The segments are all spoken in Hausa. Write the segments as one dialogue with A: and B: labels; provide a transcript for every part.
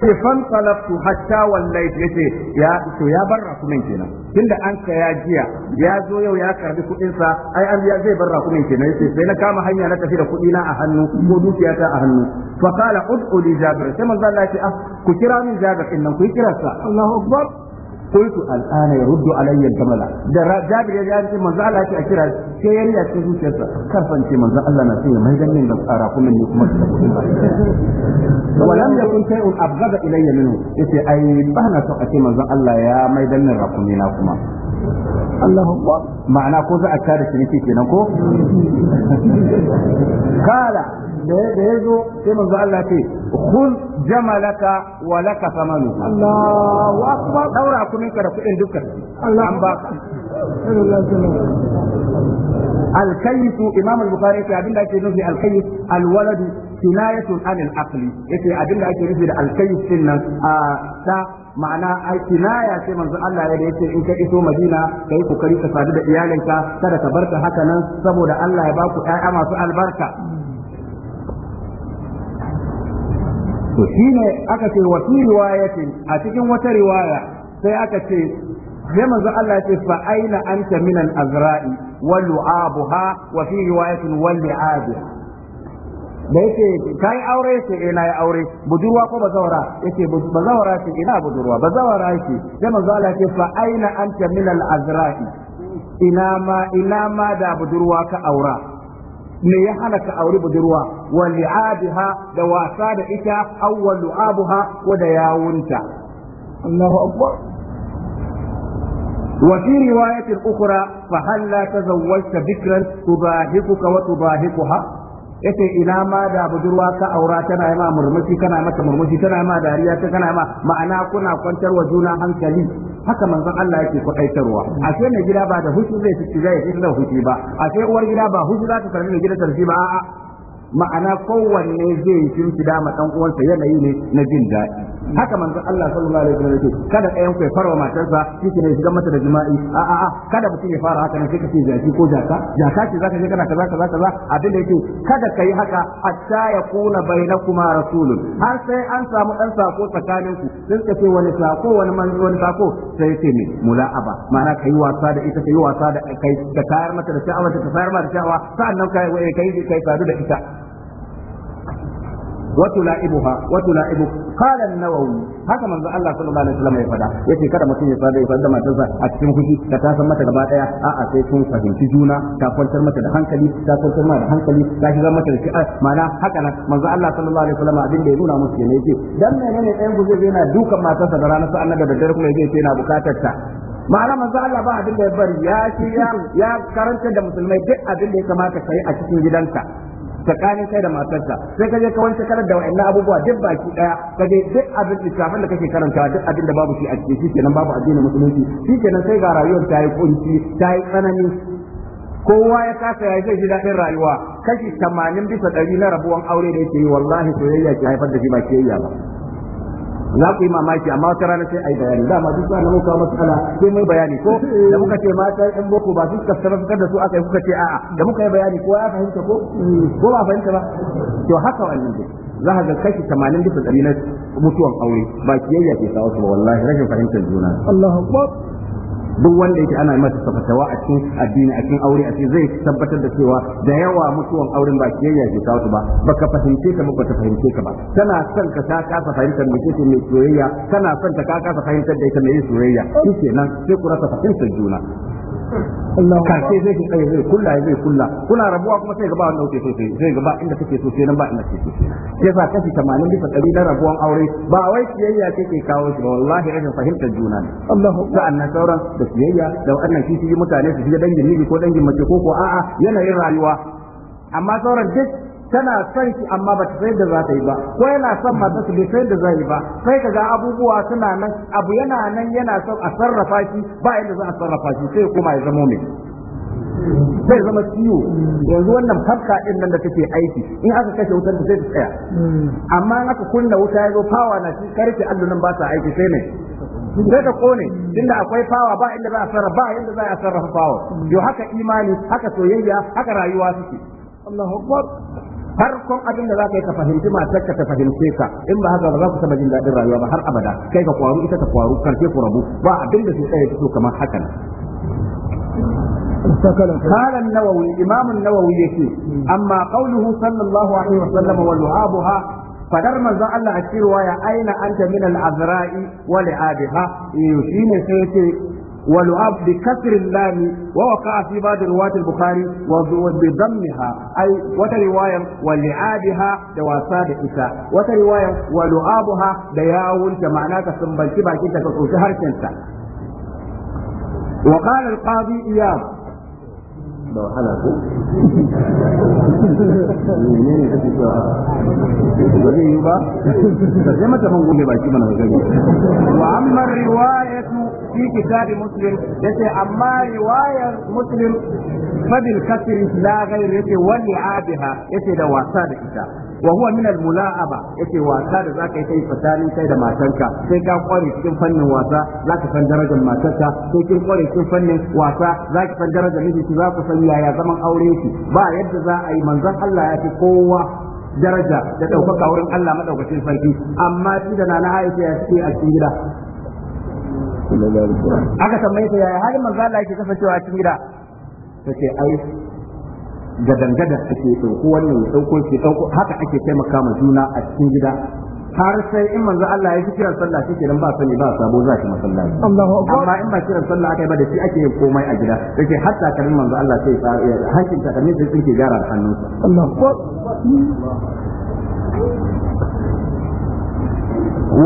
A: sai fantalaftu hatta wallahi yace ya to ya bar rakumin kenan tunda an kaya jiya ya zo yau ya karbi kuɗin sa ai an ya zai bar rakumin kenan yace sai na kama hanya na tafi da kuɗi na a hannu ko dukiya ta a hannu fa qala ud'u li jabir sai manzo Allah ya ce ah ku kira min jabir din nan ku kira sa Allahu akbar قلت الآن يرد علي الجمل ده جابر يا جابر من زعل أتي أكرا كي يري أتي كيسا كرفا أنت من زعل لنا فيه ما يدن من أراكم من يكم ولم يكن شيء أبغض إلي منه يتي أي بحنا سأتي من زعل يا ما يدن من أراكم من أكما الله أكبر معنى كوزا أكاد شريكي كنكو قال da ya zo sai manzo Allah ce khul jamalaka wa laka samanu Allahu dabbobin da kuɗin dukkan an ba الكيس امام البخاري في ابن ذاك ينفي الكيس الولد كناية nufi da يتي ابن ذاك ينفي الكيس ma'ana ai kinaya ce manzo Allah ya yace in ka iso Madina kai kokari ka sadu da iyalinka kada ka barka haka nan saboda Allah ya baku ƴaƴa masu albarka to shine aka ce wa riwayatin a cikin wata riwaya sai aka ce sai manzo Allah ya ce fa aina anta min al-azra'i wa lu'abuha wa fi riwayatin wal li'abiha da yake kai aure ce eh na aure budurwa ko bazawara yake bazawara ce ina budurwa bazawara yake sai manzo Allah ce fa aina anta min al azra'i ina ma ina ma da budurwa ka aura me ya hana ka aure budurwa wa li'abiha da wasa da ita awwalu abuha wa da yawunta Allahu akbar وفي رواية أخرى فهل لا تزوجت بكرا تضاهكك وتضاهكها yace ina ma da budurwa ka aura tana ma murmushi kana mata murmushi tana ma dariya ta kana ma ma'ana kuna kwantar wa juna hankali haka manzon Allah yake kwaɗaitarwa ashe mai gida ba da hushi zai ci zai da hushi ba ashe uwar gida ba hushi za ta sarrafa gida tarfi ba a'a ma'ana kowanne zai shimfida ma dan uwansa yanayi ne na jin daɗi haka manzon Allah sallallahu alaihi wasallam yake kada ɗayan ku ya fara matarsa kike ne shiga mata da jima'i a a a kada mutum ya fara haka ne kike ka ce jaki ko jaka jaka ce zaka je kana kaza kaza kaza abin da yake kada kai haka hatta kuna bainakuma rasulun har sai an samu dan sako tsakanin ku sun ce wani sako wani manzo wani sako sai ce ne mula'aba ma'ana kai wasa da ita kai wasa da kai da tayar mata da sha'awa ta tayar mata da sha'awa sannan kai kai kai sadu da ita وتلائمها وتلائمك قال النووي haka manzo Allah sallallahu alaihi wasallam ya fada yace kada mutum ya fada ya fada matarsa a cikin fushi ka ta san mata gaba daya a'a sai sun fahimci juna ta kwantar mata da hankali ta kwantar mata da hankali ta shiga mata da shi'a ma'ana haka nan manzo Allah sallallahu alaihi wasallam abin da ya nuna musu ne yace dan menene ɗayan ku zai yana dukan matarsa da ranar sa'an da daddare kuma yace yana bukatar ta ma'ana manzo Allah ba abin da ya bari ya shi ya karanta da musulmai duk abin da ya kamata kai a cikin gidanka tsakanin kai da matarsa sai ka je ka wanke karar da wa'annan abubuwa duk baki daya ka je duk abin littafin da kake karantawa duk abin da babu shi a cikin kenan babu addinin musulunci shi kenan sai ga rayuwar ta yi kunci ta yi tsanani kowa ya kasa ya zai ji daɗin rayuwa kashi 80 bisa 100 na rabuwan aure da yake yi wallahi soyayya ke haifar da shi ba kiyayya ba za ku yi mamaki amma wata rana sai ai bayani dama duk sa na muka matsala sai mai bayani ko da muka ce mata yan boko ba su ka sarrafa da su aka yi kuka ce a'a da muka yi bayani ko ya fahimta ko ko ba fahimta ba to haka wannan dai za ka ga kashi tamanin bisa 100 na mutuwan aure ba kiyayya ke kawo su ba wallahi rashin fahimtar juna Allahu akbar duk wanda yake ana masa tabbatawa a cikin addini a cikin aure a cikin zai tabbatar da cewa da yawa mutuwan auren ba kiyayya ke kawo ba baka fahimce ka ba baka fahimce ka ba kana son ka ka kasa fahimtar me kike mai soyayya kana son ta ka kasa fahimtar da ita mai soyayya shikenan sai ku rasa fahimtar juna karshe zai ke tsaye zai kulla zai kulla kuna rabuwa kuma sai gaba wanda kuke so sai zai gaba inda kake so sai nan ba inda kake so sai sa kashi 80 bisa 100 na rabuwan aure ba wai siyayya ke kake kawo shi ba wallahi rashin fahimtar juna ne Allahu sa'annan sauran da siyayya da wannan shi mutane su shiga dangin miji ko dangin mace ko ko a'a yanayin rayuwa amma sauran duk tana son shi amma ba ta sai da za ta yi ba ko yana son matar su bai sai da zai yi ba sai ka ga abubuwa suna nan abu yana nan yana son a sarrafa shi ba yadda za a sarrafa shi sai kuma ya zama mai zai zama ciwo yanzu wannan farka din nan da take aiki in aka kashe wutar da ta tsaya amma in aka kunna wuta ya zo fawa na shi karfe allunan ba sa aiki sai ne sai ka kone inda akwai fawa ba inda za a sarrafa ba inda za a sarrafa fawa yo haka imani haka soyayya haka rayuwa suke Allahu farkon abin da za ka yi ka fahimci matar ka ta fahimce ka in ba haka ba za ku taba jin daɗin rayuwa ba har abada kai ka kwaru ita ta kwaru karfe ku rabu ba abin da su tsaye fito kamar hakan قال النووي إمام النووي يقول أما قوله صلى الله عليه وسلم ولعابها fadar manzon Allah a cewa ya aina anta min al-azra'i wa li'abiha shine sai ce ولعاب بكسر اللام ووقع في بعض رواة البخاري وبضمها أي وترواية ولعابها دواساد إساء وترواية ولعابها دياول كمعناك سنبال شبا كنت تتوشهر كنت وقال القاضي إياب da wahala ko ne ne kake cewa ba zai yi ba mata baki mana gani wa amma riwayatu fi kitab muslim yace amma riwayar muslim fa bil la ghayr yace wal yace da wasa da ita wa huwa min al-mula'aba yake wasa da zaka yi kai tsakanin kai da matanka sai ka kware cikin fannin wasa zaka san darajar matarka sai kin kware cikin fannin wasa zaki san darajar miji za ku san yaya zaman aure ki ba yadda za a yi manzon Allah ya ce kowa daraja da ɗaukaka wurin Allah madaukakin sarki amma shi da nana Aisha ya ce a cikin gida aka tambaye ta yaya halin manzo Allah yake kasancewa a cikin gida tace ai gadangada ake ɗauko wannan ya ɗauko ke ɗauko haka ake taimaka ma juna a cikin gida har sai in manzo Allah ya fi kiran sallah shi kenan ba sani ba sabo za shi masallaci amma in ba kiran sallah aka yi ba da shi ake yin komai a gida yake hatta karin manzo Allah sai hankin takalmin sai sun ke gyara hannunsa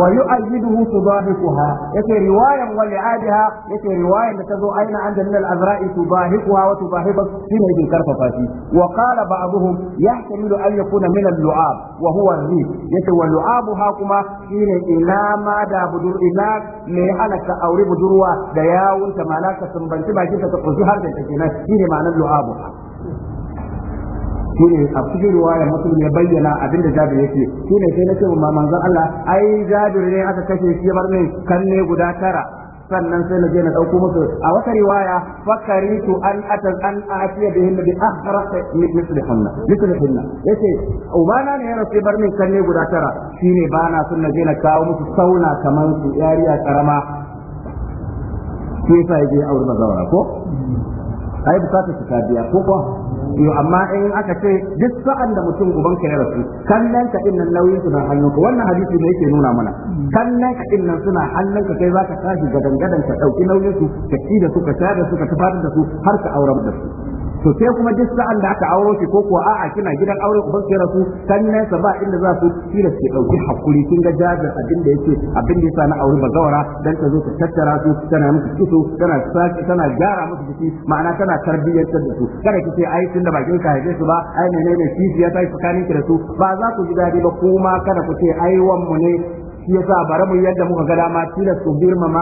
A: ويؤيده تضاهكها يتي رواية ولعادها يتي رواية تزو أين عند من الأزراء تضاهكها وتضاهبك فيما يجي كرففاتي وقال بعضهم يحتمل أن يكون من اللعاب وهو الريح يتي ولعابها كما حين إلى ما دا بدر إلاك لحلك أو رب دروا دياون تمالاك سنبنتبع كيف تقصي هذا التكينات حين معنى اللعابها shine a cikin ruwaya muslim ya bayyana abinda jabir yake shine sai na ce wa manzon Allah ai jabir ne aka kashe shi bar min kanne guda tara sannan sai na je na dauko musu a wata riwaya fakaritu an atan an da bihin misli hunna misli hunna yace ubana ne ya rasu bar min kanne guda tara shine bana sun na je na kawo musu sauna kaman su yariya karama sai fa je aure bazawara ko ai bukata su ka ko ko yo amma in aka ce duk sa'an da mutum uban ka ya rasu kallon ka din nan nauyin suna hannun ka wannan hadisi ne yake nuna mana kallon ka din nan suna hannun ka kai zaka tashi gadan gadan ka dauki nauyin su ka ci da su ka sha da su ka tafadar da su har ka aurar da su to sai kuma duk sa'an da aka aure shi ko kuwa a'a kina gidan aure uban ya rasu kan sa ba inda za su kira ke dauki hakuri kin ga jabir abin da yake abin da yasa na aure bazawara dan ta zo ta tattara su tana musu kiso tana saki tana gyara musu jiki ma'ana tana tarbiyyar da su kada ki ce ai tun da bakin ka haife su ba ai menene kifi ya tashi tsakanin ki da su ba za ku ji dadi ba kuma kada ku ce ai mu ne shi sa bara mu yadda muka ga dama tilas ku girmama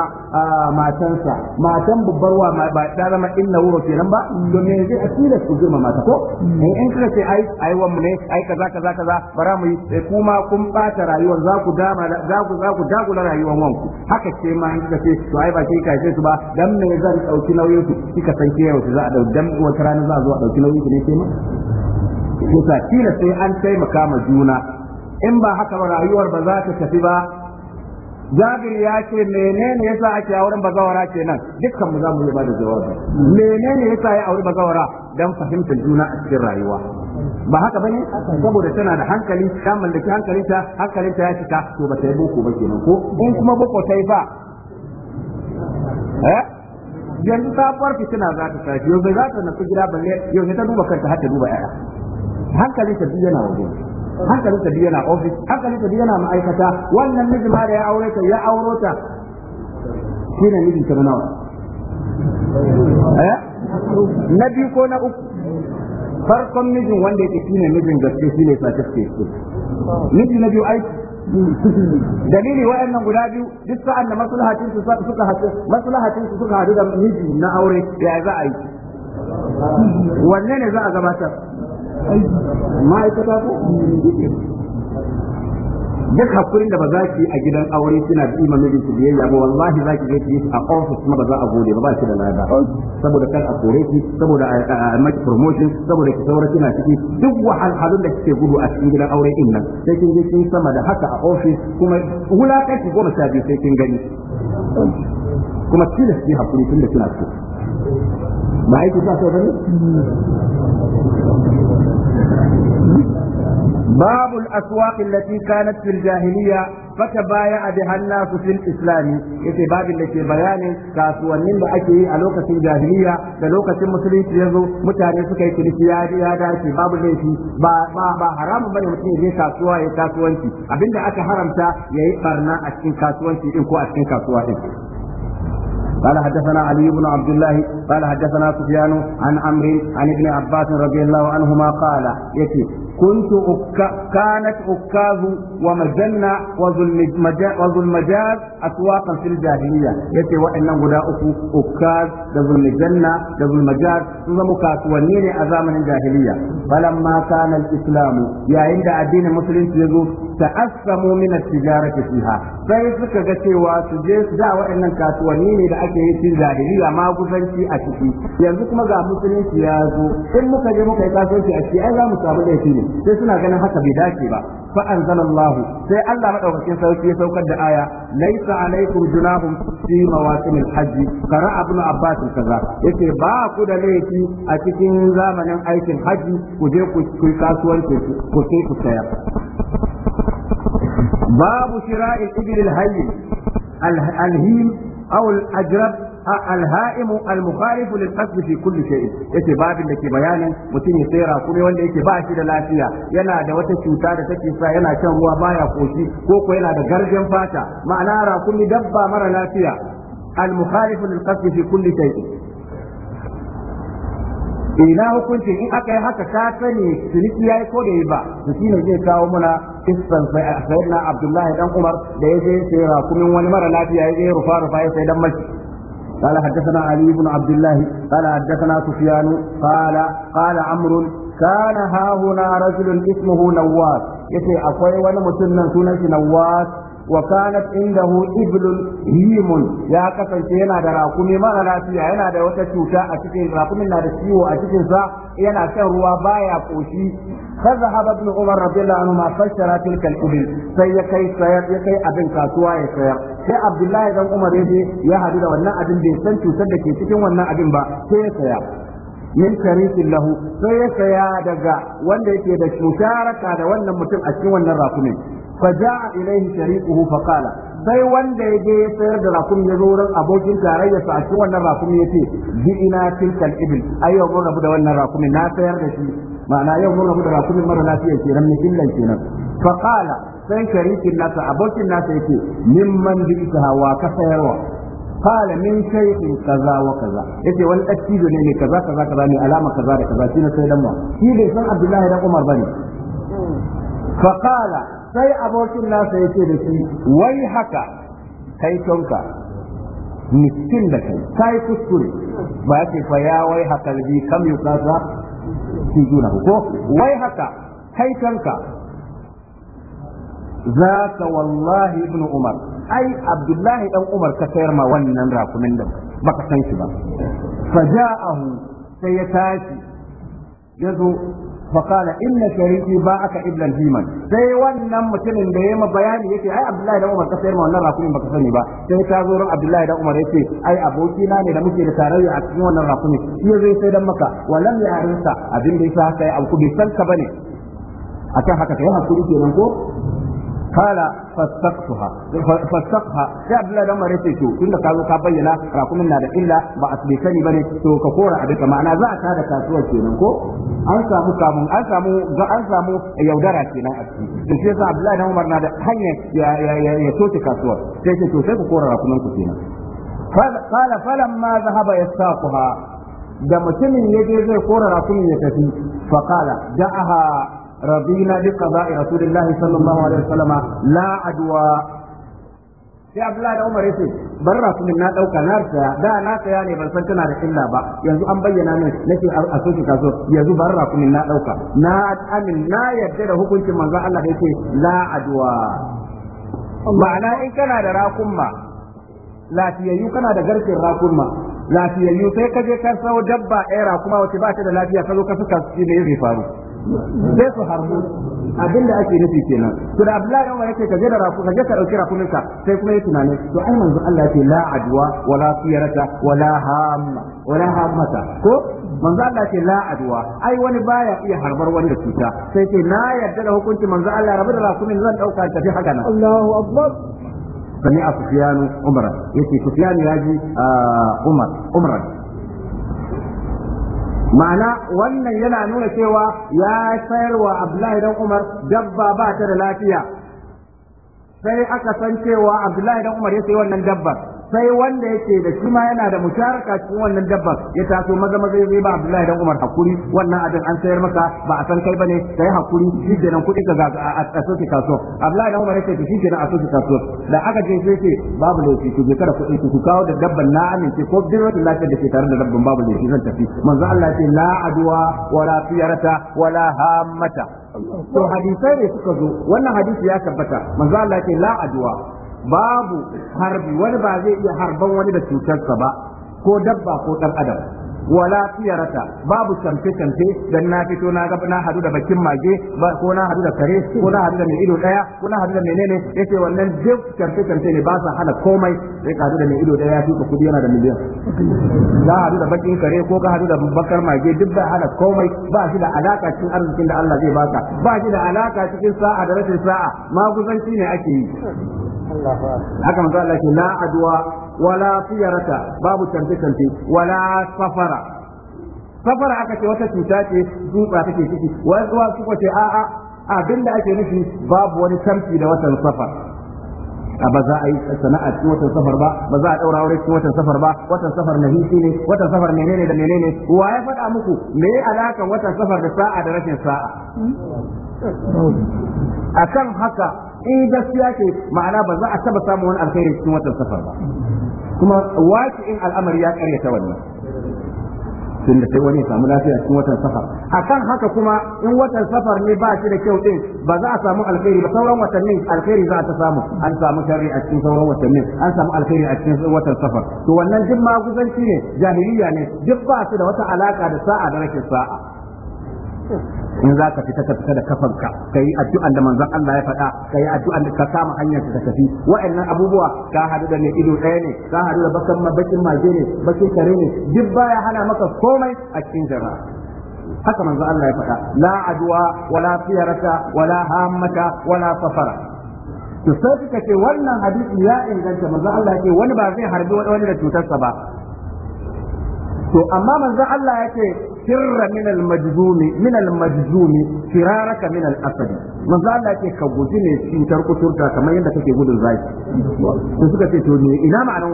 A: matansa matan babbar wa ba ta zama inna wuro kenan ba domin zai a tilas ku girmama ta ko eh, in kika ce ai ai wa mu ne ai kaza kaza kaza bara mu eh, kuma kun bata rayuwar za ku dama za ku za ku dagula rayuwar wanku haka ce ma in kika ce to ai ba kai, sai su ba dan me zan dauki nauyin su kika san ke yau za a dauki dan wata rana za a zo a dauki nauyin ki ne ke ma yasa tilas sai an taimaka ma juna in ba haka ba rayuwar ba za ta tafi ba jabir ya ce menene yasa ake auren bazawara kenan dukkan mu za mu yi ba da jawabi menene yasa ya auri bazawara dan fahimtar juna a cikin rayuwa ba haka bane saboda tana da hankali ta mallaki hankalinta hankalinta ya cika to ba ta yi boko ba kenan ko in kuma boko ta yi fa eh yanzu sabuwar fitina za ta tashi yau bai za ta nasu gida balle yau ta duba kanta har ta duba yaya hankalinta duk yana wajen hankalinsa biyu yana ofis hankalinsa biyu yana ma'aikata wannan miji ma da ya aure ta ya auro ta shi ne miji ta nawa eh? na biyu ko na uku farkon mijin wanda yake shi ne mijin gaske shi ne su miji na biyu aiki dalili waɗannan guda biyu duk sa'an da maslahatin su suka hadu maslahatin su suka hadu da miji na aure ya za a yi wanne ne za a gabatar ma'aikata ko duk hakurin da ba za ki a gidan aure kina da imanin da ki biyayya ba wallahi za ki je ki a office kuma ba za a gode ba ba ki da lada saboda kan a kore ki saboda a maki promotion saboda ki saura kina ciki duk wahalhalun da kike gudu a cikin gidan aure din nan sai kin je kin sama da haka a office kuma wulakanci goma sha biyu sai kin gani kuma tilas ki hakuri tun da kina so ba aiki sa sai باب الأسواق التي كانت في الجاهلية فتبايع بها الناس في الإسلام يتي باب التي بيان كاسوانين بأكي ألوكة الجاهلية للوكة المسلمين يزو متعني سكي تلسيادي هذا باب التي با, با, با حرام بني متعني يتي كاسوا يتاسوانتي أبين دا أكا حرمتا يقرنا أكين كاسوانتي إنكو أكين كاسوانتي قال حدثنا علي بن عبد الله قال حدثنا سفيان عن عمرو عن ابن عباس رضي الله عنهما قال يتي كنت أكا كانت أكاظ ومجنة وذو المجاز أسواقا في الجاهلية يتي وإن غدا أكو أكاظ ذو المجنة ذو المجاز ثم كاسوانين أزام الجاهلية فلما كان الإسلام يا عند الدين المسلم يزو تأسموا من التجارة فيها فيسك غتي واسجيس دا وإن كاسوانين لأكي في الجاهلية ما قفنتي أكي yanzu kuma ga musulunci ya zo in muka je muka yi kasuwanci a ciki ai za mu samu laifi ne sai suna ganin haka bai dace ba fa anzalallahu sai Allah madaukakin sauki ya saukar da aya laisa alaikum junahum fi mawasimil hajj qara ibn abbas kaza yace ba ku da laifi a cikin zamanin aikin hajji ku je ku kai kasuwanci ku sai ku saya. babu shira'il ibil hayy alhim aw alajrab الهائم المخالف للقصد في كل شيء yace babin da ke bayanin mutum ya tsera kuma wanda yake ba shi da lafiya yana da wata cuta da take sa yana shan ruwa baya koshi ko ko yana da garjen fata ma'ana ra kulli dabba mara lafiya al-mukhalif lil qasd fi ina hukuncin in aka yi haka ka sani ciniki yayi ko da ya ba to shine zai kawo muna kissan sayyidina Abdullahi dan Umar da ya je sai rakumin wani mara lafiya ya je rufa rufa ya sai dan mashi قال حدثنا علي بن عبد الله قال حدثنا سفيان قال قال عمرو كان ها هنا رجل اسمه نواس yace akwai wani mutum nan sunan shi Nawwas وكانت عنده إبل هيم يا ya kasance yana da rakumi ma lafiya yana da wata cuta a cikin rakumin na da ciwo a cikin sa yana shan ruwa baya koshi فذهب ابن عمر رضي الله عنهما فاشترى تلك الابل sai ya kai sayar ya kai abin kasuwa ya sayar sai abdullahi dan umar yaje ya hadu da wannan abin bai san cutar da ke cikin wannan abin ba sai ya saya min sharikin lahu sai ya saya daga wanda yake da raka da wannan mutum a cikin wannan rakumin فجاء إليه شريكه فقال sai wanda ya je ya sayar da rakumi ya zo wurin abokin tarayya sa shi wannan rakumi ya ce bi ina tilkal ibil ai yau mun rabu da wannan rakumi na sayar da shi ma'ana yau mun rabu da rakumin mara lafiya kenan ne illan kenan fa qala sai sharikin nasa abokin nasa yake mimman bi ita wa ka sayarwa قال من شيخ كذا وكذا yace wani dattijo ne ne kaza kaza kaza ne alama kaza da kaza shi na sai dan wa shi bai san Abdullahi dan Umar bane fa qala sai abokin nasa ya ce da shi wai haka kai tonka miskin da kai kai kuskure ba ya ce fa ya wai haka bi kam yukasa fi juna ko wai haka kai tonka zaka wallahi ibnu umar ai abdullahi dan umar ka sayar ma wannan rakumin da baka san shi ba faja'ahu sai ya tashi ya zo فقال ان ba باعك ابن الهيمن sai wannan mutumin da ya yayi bayani yake ai Abdullahi da Umar ka sayar ma wannan rakumi baka sani ba sai ka zo ran Abdullahi da Umar ce ai aboki na ne da muke da tarayya a cikin wannan rakumi shi zai sai dan maka walam ya arinsa abin da yasa haka ya abu bai san ka bane akan haka yi hakuri kenan ko kala fastaqtuha fastaqha Abdullahi dan mare to tunda ka zo ka bayyana rakumin na da illa ba asbitani bane to ka kora abin ka ma'ana za ka da kasuwar kenan ko an samu kamun an samu yaudara kenan a ciki to sai sa Abdullahi dan Umar na da hanya ya ya kasuwar sai ce sai ku kora ku kala da mutumin ne zai kora rakumin ya tafi fa kala da'aha رضينا بقضاء رسول الله صلى الله عليه وسلم لا عدوى sai Abdullahi da Umar yace bar rasulun na dauka na saya da na saya ne ban san tana da illa ba yanzu an bayyana min nake a soki kaso yanzu bar rasulun na dauka na amin na yarda da hukuncin manzon Allah da yake la adwa ma'ana in kana da rakunma lafiyayyu kana da garkin rakunma lafiyayyu sai ka je ka sau dabba ɗaya kuma wace ba ta da lafiya ka zo ka suka shi ne zai faru sai su harbu abin da ake nufi kenan to da Abdullahi Umar yake kaje da rafu kaje ka dauki rafunin ka sai kuma yayi tunani to ai manzo Allah yake la adwa wala siyarata, wala hamma wala hammata ko manzo Allah ce la adwa ai wani baya iya harbar wani da cuta sai ce na yarda da hukunci manzo Allah rabu da rafunin zan dauka tafi haka nan Allahu akbar sami a Sufyanu Umar yake Sufyanu yaji ah, Umar Umar ma'ana wannan yana nuna cewa ya sayarwa Abdullahi dan Umar dabba ba ta da lafiya sai aka san cewa Abdullahi dan Umar ya sayi wannan dabbar sai wanda yake da shi ma yana da musharaka cikin wannan dabba ya taso maza maza zai ba Abdullahi dan Umar hakuri wannan abin an sayar masa ba a san kai bane sai hakuri shi nan kuɗi ga a ki kasuwa Abdullahi dan Umar yake shi kenan a ki kasuwa da aka je sai yake babu laifi ki je kada kuɗi ku kawo da dabban na amince ko bin rashin lafiya da ke tare da dabban babu laifi zan tafi manzo Allah ya ce la adwa wala fiyarata wala hammata to hadisai ne suka zo wannan hadisi ya tabbata manzo Allah ya ce la adwa babu harbi wani ba zai iya harban wani da cutarsa ba ko dabba ko ɗan adam wala fiyarata babu kamfe kamfe dan na fito na ga na hadu da bakin mage ko na hadu da kare ko na hadu da mai ido daya ko na hadu da menene yace wannan duk kamfe kamfe ne ba sa hana komai sai ka hadu da mai ido daya ya fi ka kudi yana da miliyan ka hadu da bakin kare ko ka hadu da bakar mage duk ba hana komai ba shi da alaka cikin arzikin da Allah zai baka ba shi da alaka cikin sa'a da rashin sa'a maguzanci ne ake yi haka manzo Allah ke la adwa wala fiyarata babu tamfe tamfe wala safara safara aka ce wata cuta ce dutsa take ciki wasu suka ce a'a abinda ake nufi babu wani tamfi da watan safar ba za a yi sana'a cikin watan safar ba ba za a daura aure cikin watan safar ba watan safar na hisi ne watan safar menene da menene wa ya faɗa muku me ya alakan watan safar da sa'a da rashin sa'a akan haka in eh, gaskiya ce ma'ana ba za a taba samun wani alkhairi cikin watan safar ba kuma waki in al'amari ya karyata wannan tun da sai wani ya samu lafiya cikin watan safar akan haka kuma in watan safar ne ba shi da kyau din ba za a samu alkhairi ba sauran watannin alkhairi za a ta samu an samu sharri a cikin sauran watannin an samu alkhairi a cikin watan safar to wannan duk maguzanci ne jahiliya ne duk ba su da wata alaka da sa'a da rashin sa'a in za ka fita ka fita da kafanka ka yi addu'an da manzon Allah ya faɗa ka yi addu'an da ka kama hanyar ka tafi wa'annan abubuwa ka hadu da ne ido ɗaya ne ka hadu da bakan bakin mage ne bakin kare ne duk baya hana maka komai a cikin jama'a haka manzon Allah ya faɗa la adwa wala fiyarata wala hammata wala safara to sai kika ce wannan hadisi ya inganta manzon Allah ya ce wani ba zai harbi wani da cutarsa ba to amma manzon Allah ya ce firra min al-majzumi min al-majzumi firaraka ka guji ne cutar kuturta kamar yadda kake gudun zaki to suka ce to ne ina ma'anar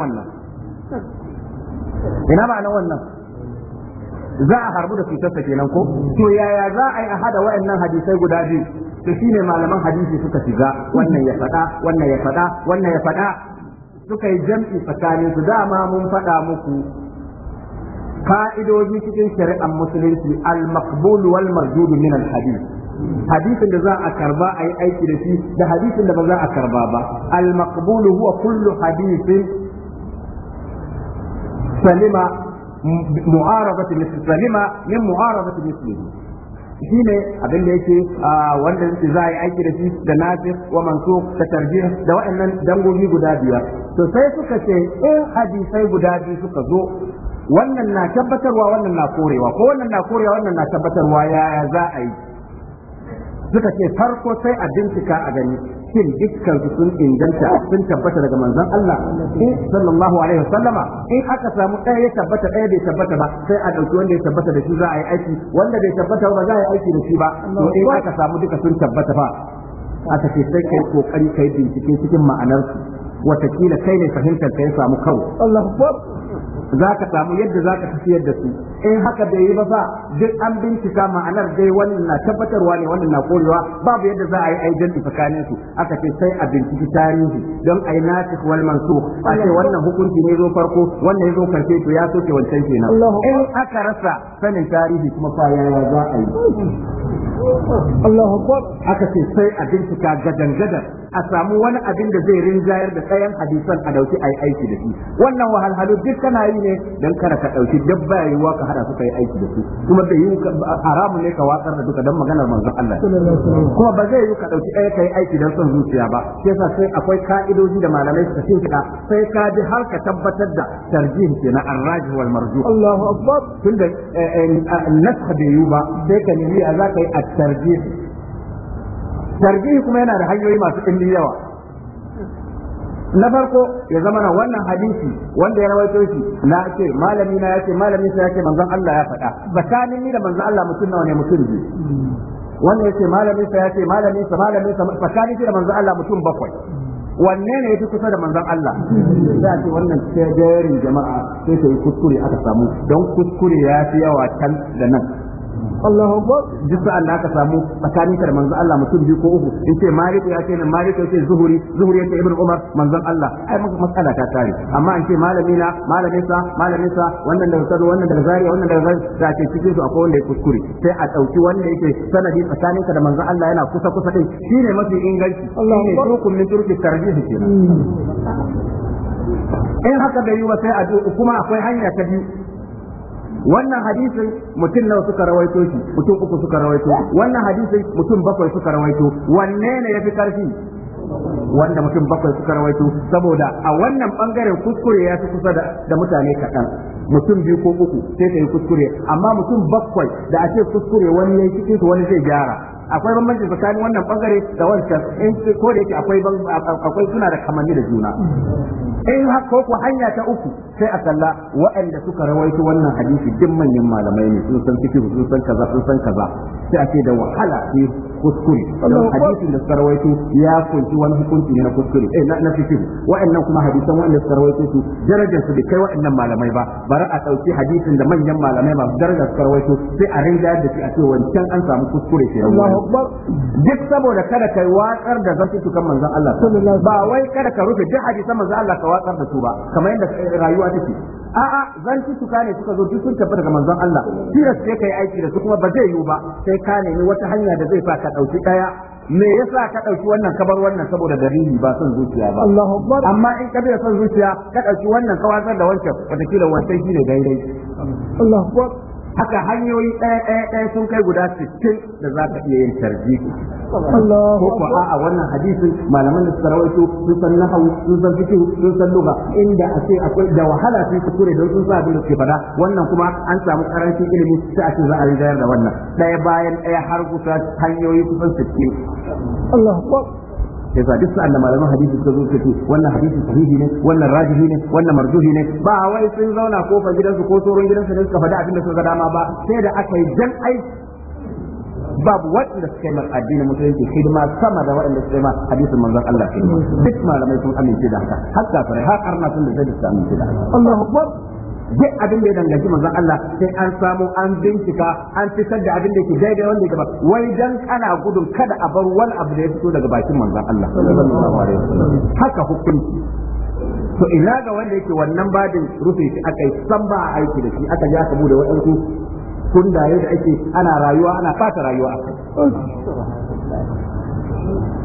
A: wannan za a harbu da cutarsa kenan ko to yaya za a yi a hada waɗannan hadisai guda biyu to shine malaman hadisi suka shiga wannan ya faɗa wannan ya faɗa wannan ya faɗa suka yi jam'i tsakanin su dama mun faɗa muku ka'idoji cikin shari'ar musulunci al-maqbul wal marjud min al-hadith hadisin da za a karba a yi aiki da shi da hadisin da ba za a karba ba al-maqbul huwa kullu hadithin salima mu'arabati misli salima min mu'arabati mislihi shi ne abin da yake wanda za a yi aiki da shi da nasir wa mansur da tarjih da waɗannan dangogi guda biyar to sai suka ce in hadisai guda biyu suka zo wannan na tabbatarwa wannan na korewa ko wannan na korewa wannan na tabbatarwa yaya za a yi suka ce farko sai a bincika a gani shin dukkan su sun inganta sun tabbata daga manzon Allah eh, sallallahu alaihi wasallama in aka samu ɗaya ya tabbata ɗaya bai tabbata ba sai a ɗauki wanda ya tabbata da shi za a yi aiki wanda bai tabbata ba za a yi aiki da shi ba to in aka samu duka sun tabbata ba aka ce sai kai kokari kai bincike cikin ma'anar su watakila kai ne fahimtar ka ya samu kawo za ka samu yadda za ka tafiyar yadda su in haka bai yi ba fa duk an bincika ma'anar dai wannan na tabbatarwa ne wannan na korewa babu yadda za a yi aijanti tsakanin su aka ce sai a binciki tarihi don a yi nasikh wal mansukh a ce wannan hukunci ne zo farko wannan ya zo karshe to ya soke wancan kenan in aka rasa sanin tarihi kuma fa yaya za a yi Allahu Akbar aka ce sai a bincika gadan gadan a samu wani abin da zai rinjayar da tsayan hadisan a dauki ayi aiki da shi wannan wahalhalu duk kana yi ne dan kada ka dauki dabba yiwuwa ka hada su kai aiki da su kuma da yiwu haramun ne ka watsar da duka dan maganar manzon Allah kuma ba zai yiwu ka dauki ɗaya kai aiki dan son zuciya ba sai sai akwai ka'idoji da malamai suka kida sai ka ji har ka tabbatar da tarjih na arrajih wal marjuh Allahu akbar tunda eh, eh, nasakh bai yiwu ba sai ka nemi za ka yi at-tarjih tarjihi kuma yana da hanyoyi masu ɗimbi yawa na farko ya zama na wannan hadisi wanda ya rawaito shi na ce malami na yace malami sai yace manzon Allah ya faɗa tsakanin ni da manzon Allah mutum nawa ne mutum biyu wanda ce malami sai ce malami sa malami sa tsakanin shi da manzon Allah mutum bakwai wanne ne yafi kusa da manzon Allah sai ce wannan sai jerin jama'a sai ta yi kuskure aka samu don kuskure ya fi yawa can da nan Allahu Akbar duk sa'an da aka samu tsakanin kar manzo Allah mutum biyu ko uku in ce Malik ya ce nan Malik ya ce Zuhuri Zuhuri ya ce Ibn Umar manzon Allah ai matsala ta tare amma in ce malami na malamin sa sa wannan daga Kano wannan daga Zaria wannan daga Zaria da ce cikin su akwai wanda ya kuskure sai a dauki wanda yake sanadi tsakanin ka da manzon Allah yana kusa kusa din shine mafi inganci shine turkun min turki tarjihi kenan hmm. in haka bai yi ba sai a kuma akwai hanya ta biyu wannan hadisin mutum nawa suka rawaito shi mutum uku suka rawaito wannan hadisin mutum bakwai suka rawaito wanne ne yafi karfi wanda mutum bakwai suka rawaito saboda a wannan bangaren kuskure ya fi kusa da mutane kaɗan mutum biyu ko uku sai ka kuskure amma mutum bakwai da a ce kuskure wani ya yi to wani zai gyara akwai bambanci tsakanin wannan bangare da wancan in ko da yake akwai akwai suna da kamanni da juna in ko ku hanya ta uku sai a salla waɗanda suka rawaito wannan hadisi duk manyan malamai ne sun san fiqh sun san kaza sun san kaza sai a ce da wahala sai kuskure don hadisin da suka rawaito ya kunshi wani hukunci ne na kuskure eh na fiqh waɗannan kuma hadisan waɗanda suka rawaito su darajar su bai kai waɗannan malamai ba bari a dauki hadisin da manyan malamai ba, darajar suka rawaito sai a rinjayar da shi a ce wancan an samu kuskure ke rawaito akbar duk saboda kada kai watsar da zantuttukan manzon Allah ba wai kada ka rufe duk hadisan manzon Allah ka watsar da su ba kamar yadda rayuwa take a'a zantuttuka ne suka zo duk sun tabbata ga manzon Allah tilas sai kai aiki da su kuma ba zai yiwu ba sai ka nemi wata hanya da zai sa ka dauki daya me yasa ka ɗauki wannan ka bar wannan saboda dalili ba son zuciya ba amma in ka bi son zuciya ka ɗauki wannan ka watsar da wancan wataƙila wancan shine daidai Allahu haka hanyoyi ɗaya ɗaya ɗaya sun kai guda sittin da za ka iya yin tarji ko ko a wannan hadisin malaman da suka rawaito sun san nahawu sun san fiqh sun san lugha inda a ce akwai da wahala sai su kure don sun sa abin da suke fada wannan kuma an samu karancin ilimi sai a ce za a yi da wannan ɗaya bayan ɗaya har kusa hanyoyi kusan sittin. yasa duk sa'an da malaman hadisi suka zo suka ce wannan hadisi sahihi ne wannan rajihi ne wannan marjuhi ne ba wai sun zauna kofar gidansu ko tsoron gidansu ne suka faɗi abin da suka dama ba sai da aka yi jan aiki babu waɗanda suka yi mar addinin musulunci hidima sama da waɗanda suka yi ma hadisin manzon Allah duk malamai sun amince da haka har kafirai har arna sun da zai suka amince da haka Allahu akbar duk abin da ya danganci manzon Allah sai an samu an bincika an fitar da abin da yake daidai wanda ya ba wai dan kana gudun kada a bar wani abu da ya fito daga bakin manzon Allah haka hukunci to ina ga wanda yake wannan badin rufe shi aka san ba a aiki da shi aka ja ka bude wa'ansu kundaye da ake ana rayuwa ana fata rayuwa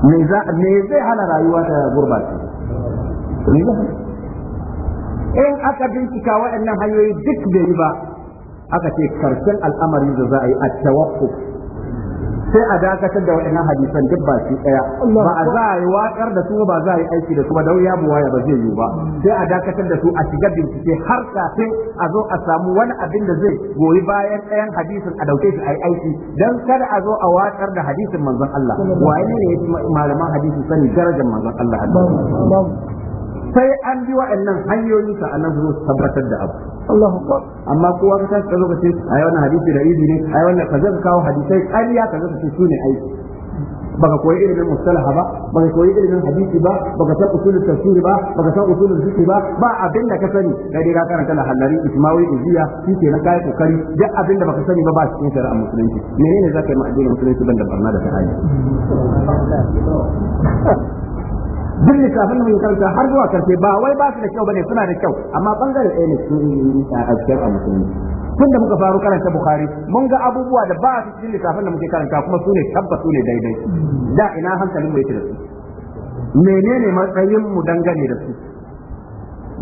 A: me zai hana rayuwa ta gurbace in aka bincika waɗannan hanyoyi duk bai yi ba aka ce karshen al'amari da za a yi a sai a dakatar da waɗannan hadisan duk ba su ɗaya ba a za a yi waƙar da su ba za a yi aiki da su ba da ya waya ba zai yi ba sai a dakatar da su a shiga bincike har kafin a zo a samu wani abin da zai goyi bayan ɗayan hadisin a dauke shi a yi aiki dan kada a zo a waƙar da hadisin manzon Allah waye ne malaman hadisi sani darajar manzon Allah sai an bi hanyoyin hanyoyi ka anan zo tabbatar da abu Allahu akbar amma kowa ka ta kazo kace ai wannan hadisi da idi ne ai wannan kaza ka kawo hadisai ƙarya kaza kace su ne aiki baka koyi ilimin mustalaha ba baka koyi ilimin hadisi ba baka san usulul tafsir ba baka san usulul fiqh ba ba abin da ka sani da dai ka karanta lahallari ismawi iziya shike na kai kokari duk abin da baka sani ba ba cikin shari'a musulunci menene zaka yi ma addinin musulunci banda barna da ta'ala duk littafin da mun karanta har zuwa karfe ba wai ba su da kyau bane suna da kyau amma bangare ɗaya ne su a cikin a musulunci tun da muka faru karanta bukari mun ga abubuwa da ba su cikin littafin da muke karanta kuma su ne tabba su ne daidai da ina hankalin mu yake da su menene matsayin mu dangane da su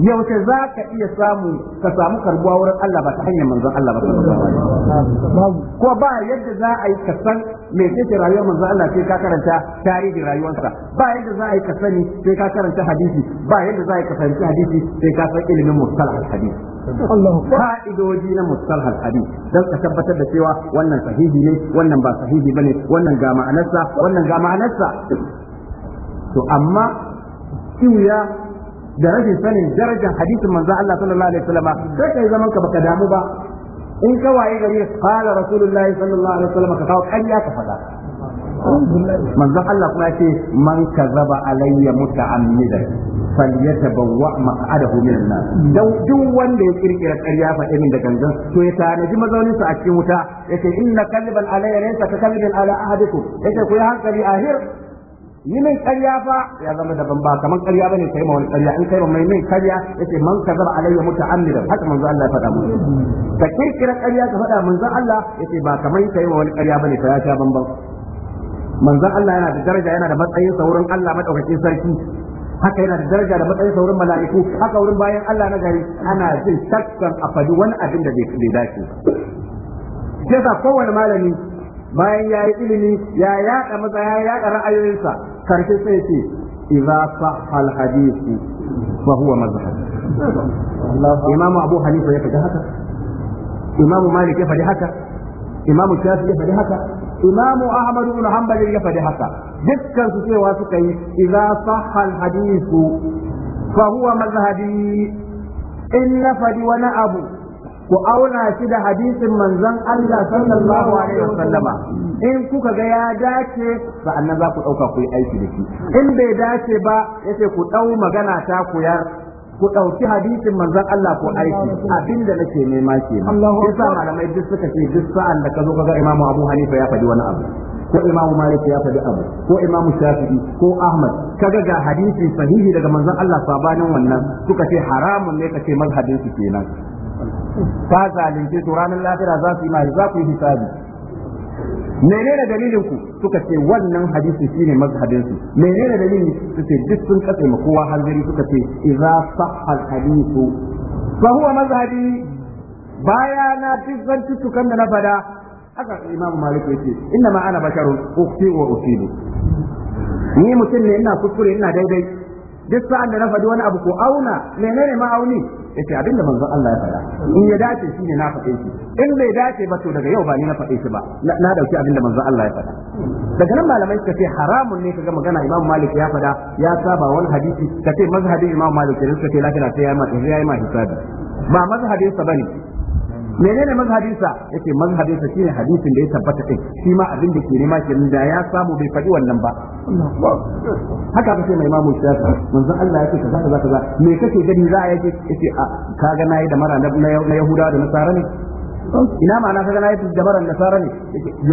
A: yaushe za ka iya samu ka samu karbuwa wurin Allah ba ta hanyar manzon Allah ba ko ba yadda za a yi ka san me yake rayuwar manzon Allah sai ka karanta tarihin rayuwarsa ba yadda za a yi ka sani sai ka karanta hadisi ba yadda za a yi ka fahimci hadisi sai ka san ilimin mustalah hadisi Ka'idoji na mustalah hadisi don ka tabbatar da cewa wannan sahihi ne wannan ba sahihi bane wannan ga ma'anarsa wannan ga ma'anarsa to amma kiwiya da rashin sanin darajar hadisin manzo Allah sallallahu alaihi wasallam sai kai zaman ka baka damu ba in ka waye gari qala rasulullahi sallallahu alaihi wasallam ka kawo kanya ka fada manzon Allah kuma ya ce man kazaba alayya muta'ammidan falyatabawwa maq'adahu minan nar dan duk wanda ya kirkira ƙarya fa min da gangan to ya tanaji mazaunin sa a cikin wuta yace inna kalban alayya laysa ka kalbin ala ahadikum yace ku ya hankali ahir yi min karya fa ya zama daban ba kamar karya bane kai ma wani karya in kai ma mai min karya yace man kazar alayya muta'ammidan haka manzo Allah ya faɗa mu ka kirkira karya ka faɗa manzo Allah yace ba kamar kai ma wani karya bane fa ya sha bamban manzo Allah yana da daraja yana da matsayin saurin Allah madaukakin sarki haka yana da daraja da matsayin saurin mala'iku haka wurin bayan Allah na gari ana jin shakkan a faɗi wani abin da bai dace sai kowane malami bayan ya yi ilimi ya yaɗa matsaya ya yaɗa ra'ayoyinsa karshe sai ce idza sahha al hadith fa huwa mazhab imamu abu hanifa ya faɗi haka imamu malik ya faɗi haka imamu shafi ya faɗi haka imamu ahmad ibn hanbal ya faɗi haka dukkan su cewa suka yi idza sahha al hadith fa huwa mazhabi in na faɗi wani abu ku auna shi da hadisin manzon Allah sallallahu alaihi wasallama in kuka ga ya dace sa'annan za ku dauka ku yi aiki da shi in bai dace ba yace ku dau magana ta ku yar ku ɗauki hadisin manzon Allah ko aiki abinda nake nema kenan yasa malamai duk suka ce duk sa'an da ka zo kaga ga Imam Abu Hanifa ya faɗi wani abu ko imamu malik ya faɗi abu ko imamu shafi'i ko ahmad kaga ga hadisi sahihi daga manzon Allah sabanin wannan suka ce haramun ne kace mazhabin su kenan fa zalunce su ranar lafiya za su yi mai za ku yi hisabi menene dalilin ku suka ce wannan hadisi shine mazhabin su menene dalilin su ce duk sun kace ma kowa hanzari suka ce idza sahha hadithu fa huwa mazhabi baya na duk da na fada haka imamu malik ce inna ma ana basharun ukti wa usilu ni mutum ne ina kuskure ina daidai duk sa'an da na faɗi wani abu ko auna menene ma'auni yace abin da manzon Allah ya faɗa in ya dace shine na faɗe shi in bai dace ba to daga yau ba ni na faɗe shi ba na dauki abin da manzon Allah ya faɗa daga nan malamai suka ce haramun ne kaga magana Imam Malik ya faɗa ya saba wani hadisi ka ce mazhabin Imam Malik ne suka ce lafiya sai ya yi ma hisabi ba mazhabin sa bane menene mazhabinsa yace mazhabinsa shine hadisin da ya tabbata din shi ma abin da ke nema kenan da ya samu bai faɗi wannan ba haka ba sai mai shi shafi manzon Allah yake kaza kaza kaza me kake gani za a yake yace a kaga nayi da mara na yahudawa da nasara ne ina ma'ana kaga nayi da mara nasara ne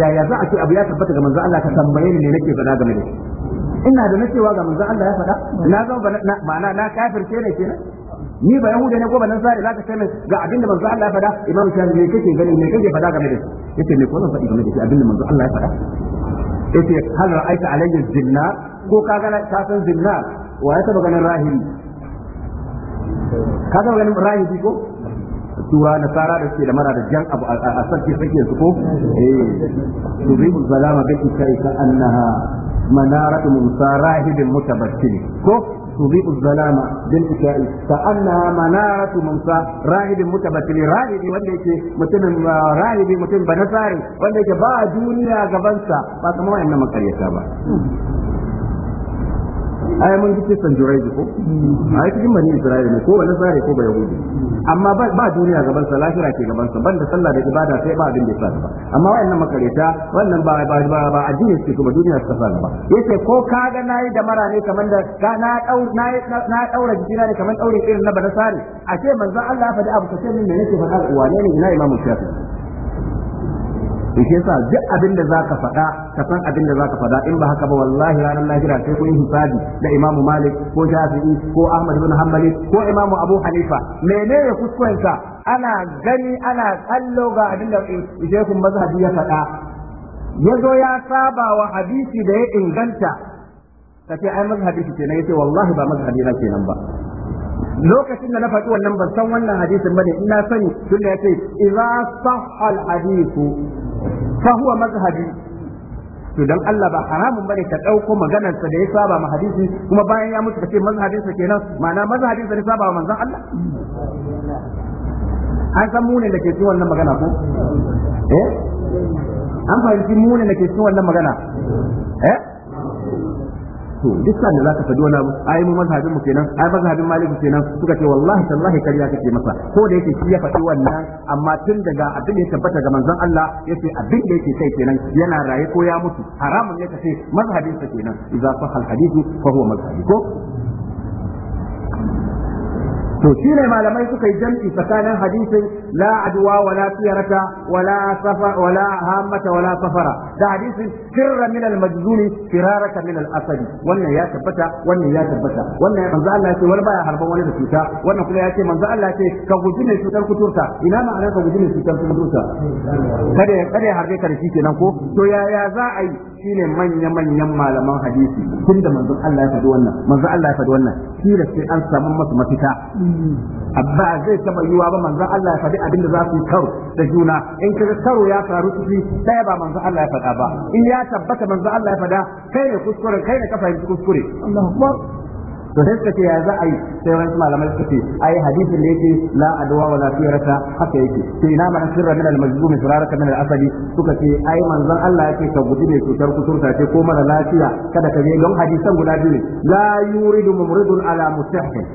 A: yaya za a ce abu ya tabbata ga manzon Allah ka tambaye ni ne nake faɗa game da shi ina da na cewa ga manzon Allah ya faɗa na ga ma'ana na kafirce ne kenan ni ba yahuda ne ko ba nan sare zaka ce ga abinda manzo Allah ya faɗa imam shafi ne kake gani ne kake faɗa game da shi yace me ko zan faɗi game da shi abinda manzo Allah ya faɗa yace hal ra'aita alayhi zinna ko ka ga ta san zinna wa ya taba ganin Rahim? ka ga ganin rahili ko na nasara da suke da mara da jan abu a sarki sarki su ko eh bi zalama bi kai ka annaha manaratu musa rahibin mutabassil ko تضيء الظلام بالإشاء كأنها منارة منصى راهب متبتل راهب وليك متن راهب متن بنساري وليك با دنيا غبنسا فكما إنما كريتا با ai mun ji kisan jurai ko ai cikin mani israili ne ko wala sare ko ba amma ba duniya gaban sa lafiya ke gaban sa banda sallah da ibada sai ba abin da ya ba amma wannan makareta wannan ba ba ba ba addini suke kuma ba duniya ta sa ba yace ko kaga nayi da mara ne kaman da na dau nayi na daura jira ne kaman daure irin na banasari ashe manzo Allah ya faɗi abu ce min me nake faɗa wane ne ina imamu shafi yake sa duk abin da zaka faɗa ka san abin da zaka faɗa in ba haka ba wallahi ranar lahira sai kun hisabi da Imam Malik ko Shafi'i ko Ahmad ibn Hanbal ko Imam Abu Hanifa menene kuskuren ka ana gani ana kallo ga abin da kun mazhabi ya faɗa ya ya saba wa hadisi da ya inganta kace ai mazhabi kenan yace wallahi ba mazhabi na kenan ba lokacin da na faɗi wannan ban san wannan hadisin bane ina sani tun da yace idza sahha al hadithu fa huwa mazhabi to dan Allah ba haramun bane ka dauko maganar sa da ya saba ma hadisi kuma bayan ya mutu kace mazhabin sa kenan ma'ana mazhabin sa ne saba ma manzon Allah an san mu ne da ke cikin wannan magana ko eh an fahimci mu ne da ke cikin wannan magana eh to duk da zaka fadi wani abu ai mu mazhabin mu kenan ai mazhabin maliki kenan suka ce wallahi tallahi kariya kake masa ko da yake shi ya faɗi wannan amma tun daga abin da ya tabbata ga manzon Allah yace abin da yake kai kenan yana raye ko ya mutu haramun ne kace mazhabin sa kenan idza sahal hadithu fa huwa mazhabi ko to shi ne malamai suka yi jam'i tsakanin hadisin la adwa wala siyarata wala safa wala hammata wala safara da hadisin firra min al majzuni firaraka min al asadi wannan ya tabbata wannan ya tabbata wannan manzo Allah ce wani baya harban wani da cuta wannan kuma ya ce manzo Allah ce ka guji ne cutar kuturta ina ma'anar ka guji ne cutar kuturta kada kada harbe ka da shi kenan ko to yaya za a yi shine manya manyan malaman hadisi tunda manzo Allah ya faɗi wannan manzo Allah ya faɗi wannan shi da sai an samu masa mafita Ba zai taba yiwa ba manzon Allah ya faɗi abin da za su karo da juna in kaga karo ya faru ciki ɗaya ba manzon Allah ya faɗa ba in ya tabbata manzon Allah ya faɗa kai ne kuskure kai ne ka fahimci kuskure Allahu to sai suka ce ya za a yi sai wani malamai suka ce ai hadisin da yake la adwa wala firata haka yake sai na mana sirra min al-majzum firaraka min al-asali suka ce ai manzon Allah yake ka guji ne cutar kusurta ce ko mara lafiya kada ka je don hadisan guda biyu la yuridu mumridun ala mustahil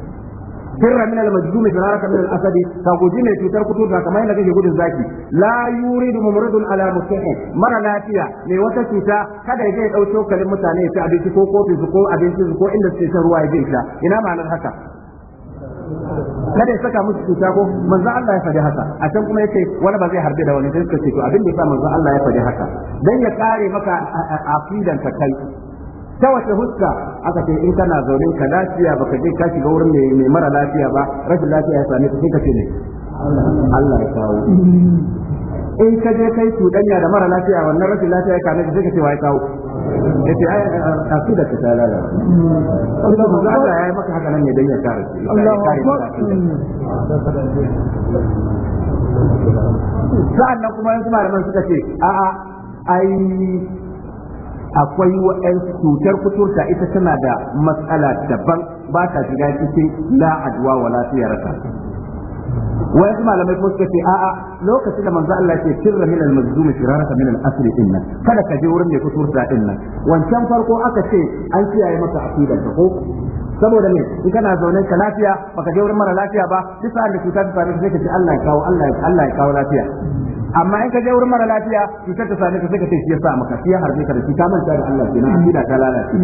A: firra min al-majzumi firaraka min al-asadi ka guji mai cutar kuturta kamar yadda kake gudun zaki la yuridu mumridun ala mustahi mara lafiya mai wata cuta kada ya dau cokalin mutane ya ci abinci ko kofi su ko abinci su ko inda suke ruwa ya sha ina ma'anar haka kada ya saka musu cuta ko manzo Allah ya faɗi haka a can kuma ya ce wani ba zai harbe da wani sai suka ce to abin da ya sa manzo Allah ya faɗi haka dan ya kare maka aqidan ka kai ta wace huska aka ce in kana zaune ka lafiya baka je ka shiga wurin mai mara lafiya ba rashin lafiya ya same ka sai ka ce ne Allah ya kawo in ka je kai cuɗanya da mara lafiya wannan rashin lafiya ya kame ka sai ka ce wa ya kawo yace ai akida ta talala Allah ya yi maka haka nan ne dan ya kare ki sa'an nan kuma yanzu malaman suka ce a'a ai akwai wa'ansu cutar kuturta ita tana da matsala daban ba ta shiga cikin la adwa wa la wayansu malamai ko suka ce a'a lokaci da manzo Allah ke sirra min al-mazlum firaraka min al-asri inna kada ka je wurin mai kuturta inna wancan farko aka ce an kiyaye maka aqidar ka ko saboda me in kana zaune ka lafiya baka je wurin mara lafiya ba duk sa'an da cuta ta faru sai ka ce Allah ya kawo Allah ya kawo lafiya amma in ka je wurin mara lafiya cutar ta same ka sai ka ce shi ya sa maka shi ya harbe ka da shi ka manta da Allah kenan akida ta lalace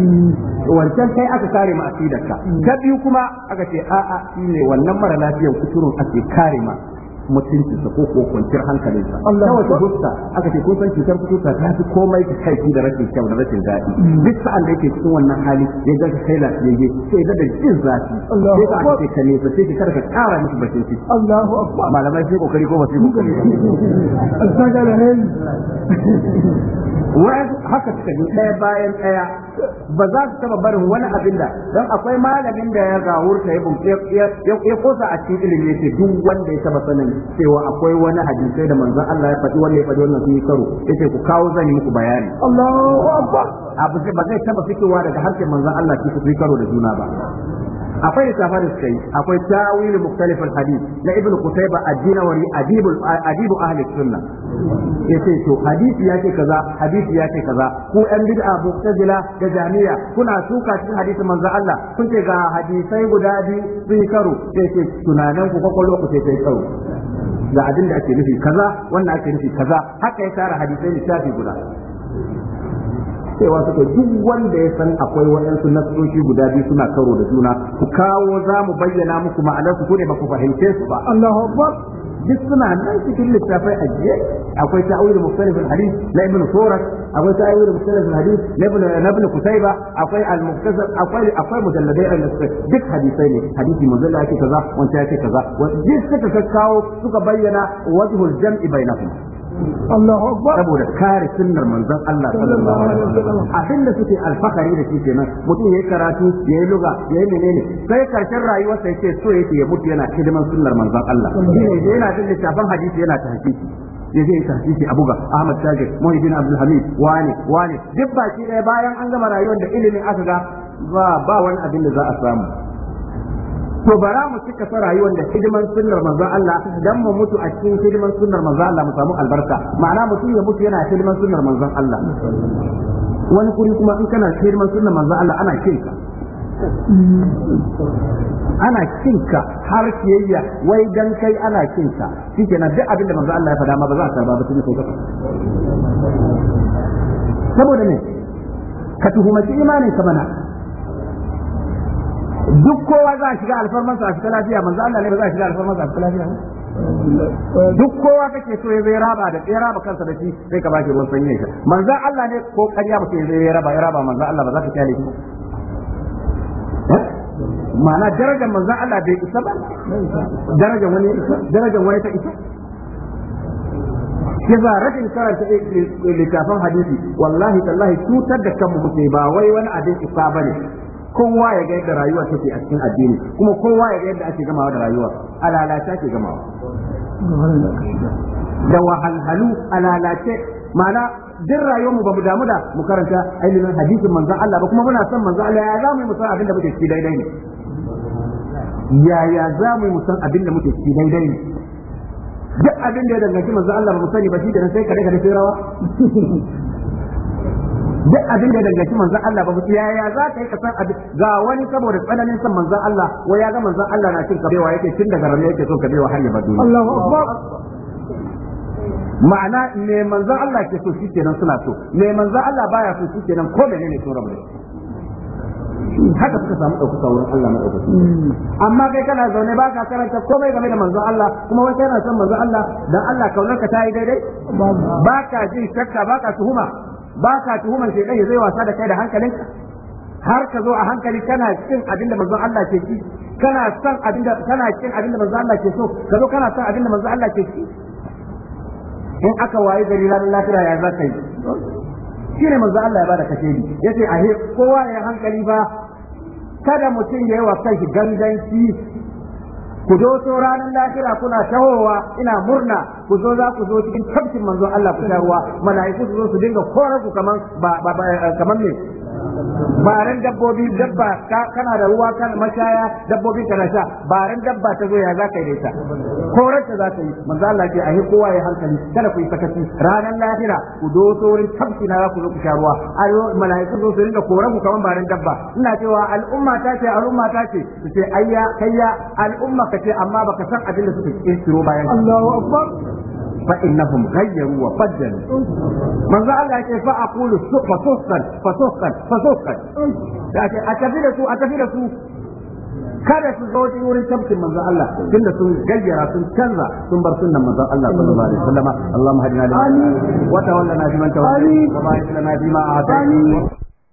A: wancan kai aka kare ma akidar ka ka biyu kuma aka ce a'a shi wannan mara lafiyan kuturun ake kare ma mutuncinsa ko ko kwanciyar hankalinsa ta wace fuska aka ce kun san cutar fuska ta fi komai ka kai da rashin kyau da rashin zafi duk sa'an da yake cikin wannan hali ya ga kai lafiyayye sai da jin zafi sai ka ake ka nesa sai ka karka kara miki bakin ciki Allahu akbar malamai sai kokari ko ba sai kokari haka bayan ɗaya ba za su taba barin wani abin da don akwai malamin da ya gawurta ya kosa a cikin ilimi yake duk wanda ya taba sanin cewa akwai wani hadisai da manzon Allah ya faɗi wanda ya faɗi wannan sun yi karo yace ku kawo zan yi muku bayani Allahu akbar abu ba zai taba fitowa daga harshen manzon Allah ki su karo da juna ba akwai lissafa da suka akwai tawil muktalif hadith na ibnu qutayba ad-dinawari adibul adibu ahli sunna yace to hadisi yace kaza hadisi yace kaza ku yan bid'a mu'tazila da jami'a kuna suka cikin hadisin manzo Allah kun ce ga hadisai guda biyu sun karo yace tunanan ku kwakwalwa ku sai karo ga abin da ake nufi kaza wannan ake nufi kaza haka ya tara hadisai littafi guda cewa suka duk wanda ya san akwai waɗansu nasoshi guda biyu suna karo da juna ku kawo za mu bayyana muku ma'anar su ne ba ku fahimce su ba Allahu Akbar duk suna nan cikin littafai ajiye akwai ta'awil mukhtalif al-hadith na ibn Surat akwai ta'awil mukhtalif al-hadith na ibn Ibn Qutayba akwai al-mukhtasar akwai akwai mujalladai da suka duk hadisai ne hadisi manzala yake kaza wanda yake kaza duk suka kawo suka bayyana wajhul jam'i bainahum saboda kare sunnar manzon Allah sallallahu alaihi wasallam da suke alfakari da shi kenan mutum yayi karatu yayi luga yayi menene sai karshen rayuwar sa yake so yake ya mutu yana kidiman sunnar manzon Allah shine yana jin littafin hadisi yana tahqiqi ya je tahqiqi a buga Ahmad Tajir Muhammad Abdul Hamid wani wani duk baki ɗaya bayan an gama rayuwar da ilimin aka ga ba ba wani abin da za a samu to bara mu cika sa rayuwar da hidiman sunnar manzon Allah dan mu mutu a cikin hidiman sunnar manzon Allah mu samu albarka ma'ana mutum ya mutu yana hidiman sunnar manzon Allah wani kuri kuma in kana hidiman sunnar manzon Allah ana kinka ana cinka har kiyayya wai dan kai ana cinka shikenan duk abin da manzo Allah ya faɗa ma ba za a karba ba tun kai kafa saboda ne ka tuhumaci imanin ka mana duk kowa za a shiga alfarman sa fita lafiya manzo Allah ne ba za a shiga alfarman sa fita lafiya duk kowa kake so ya zai raba da ya raba kansa da shi sai ka bashi ruwan sanyi ka manzo Allah ne ko kariya ba sai zai raba ya raba manzo Allah ba za ka kyale shi eh? ma'ana darajar manzo Allah bai isa ba darajar wani darajar wani ta isa yasa rashin karanta littafin hadisi wallahi tallahi cutar da kanmu mutum ba wai wani abin isa bane kowa ya ga yadda rayuwa take a cikin addini kuma kowa ya ga yadda ake gamawa da rayuwa alalace ake gamawa da wahalhalu alalace ma'ana duk rayuwar mu bamu damu da mu karanta ainihin hadisin manzon Allah ba kuma muna son manzon Allah ya za mu yi musan abin da muke ciki daidai ne yaya za mu yi musan abin da muke ciki daidai ne duk abin da ya danganci manzon Allah ba mu sani ba shi da sai kare kare sai rawa duk abin da ya danganci manzon Allah ba mutu yaya za ka yi ka san abin ga wani saboda tsananin san manzon Allah wa ya ga manzon Allah na cin kabewa yake cin daga ranar yake so kabewa har ya bar duniya Allahu akbar ma'ana ne manzon Allah ke so shikenan suna so ne manzon Allah baya so nan ko menene so rabu haka suka samu ɗaukaka wurin Allah na maɗaukaki hmm. amma kai kana zaune ba ka karanta komai game da manzon Allah kuma wata yana son manzon Allah dan Allah kaunar ka ta yi daidai ba ka jin shakka ba ka tuhuma ba ka tuhuman shekai ya zai wasa da kai da hankalin? har ka zo a hankali kana cin abin da manzon Allah ke ci kana son abin da kana cin abin da manzon Allah ke so ka zo kana son abin da manzon Allah ke ci in aka waye gari ranar lafiya ya za ka yi shi ne manzon Allah ya bada kashe ni yace he kowa ya hankali ba kada mutum ya yi wa kanshi ganganci ku zo so ranar lahira kuna tahowa ina murna ku zo za ku zo cikin tafkin manzon Allah ku sha ruwa mala'iku su zo su dinga korar ku kaman ba eh, kaman me baran dabbobi dabba kana da ruwa kana mashaya dabbobi kana sha baran dabba ta zo ya za ka yi da ita korar ta za ka yi manzo Allah ce ayi kowa ya hankali kada ku yi sakaci ranar lahira ku doso rin tabki na za ku zo ku sha ruwa ayo mala'iku zo su rinka koran ku kaman baran dabba ina cewa al'umma ta ce al'umma ta ce su ce ayya kayya al'umma ka ce amma baka san abin da suka kiro bayan Allahu akbar fa innahum ghayyaru wa baddalu manzo Allah ya ce fa aqulu fasuhqan fasuhqan fasuhqan da ce a tafi da su a tafi da su kada su zo cikin wurin tafkin manzon Allah tunda sun gayyara sun canza sun bar sunnan manzon Allah sallallahu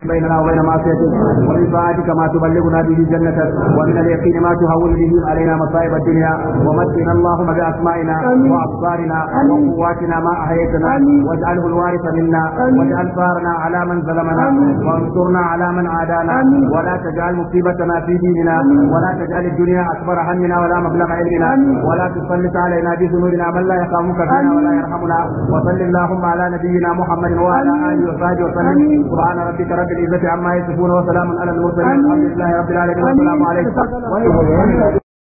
A: بيننا وبين معصيتك ومن طاعتك ما تبلغنا به جنتك ومن اليقين ما تهون به علينا مصائب الدنيا ومتنا اللهم باسمائنا وابصارنا وقواتنا ما احييتنا واجعله الوارث منا واجعل ثارنا على من ظلمنا وانصرنا على من عادانا ولا تجعل مصيبتنا في ديننا ولا تجعل الدنيا اكبر همنا ولا مبلغ علمنا ولا تسلط علينا بذنوبنا من لا يخافك فينا ولا يرحمنا وصل اللهم على نبينا محمد وعلى اله وصحبه وسلم سبحان ربك رب رب العزة عما يصفون وسلام على المرسلين الحمد لله رب العالمين والسلام عليكم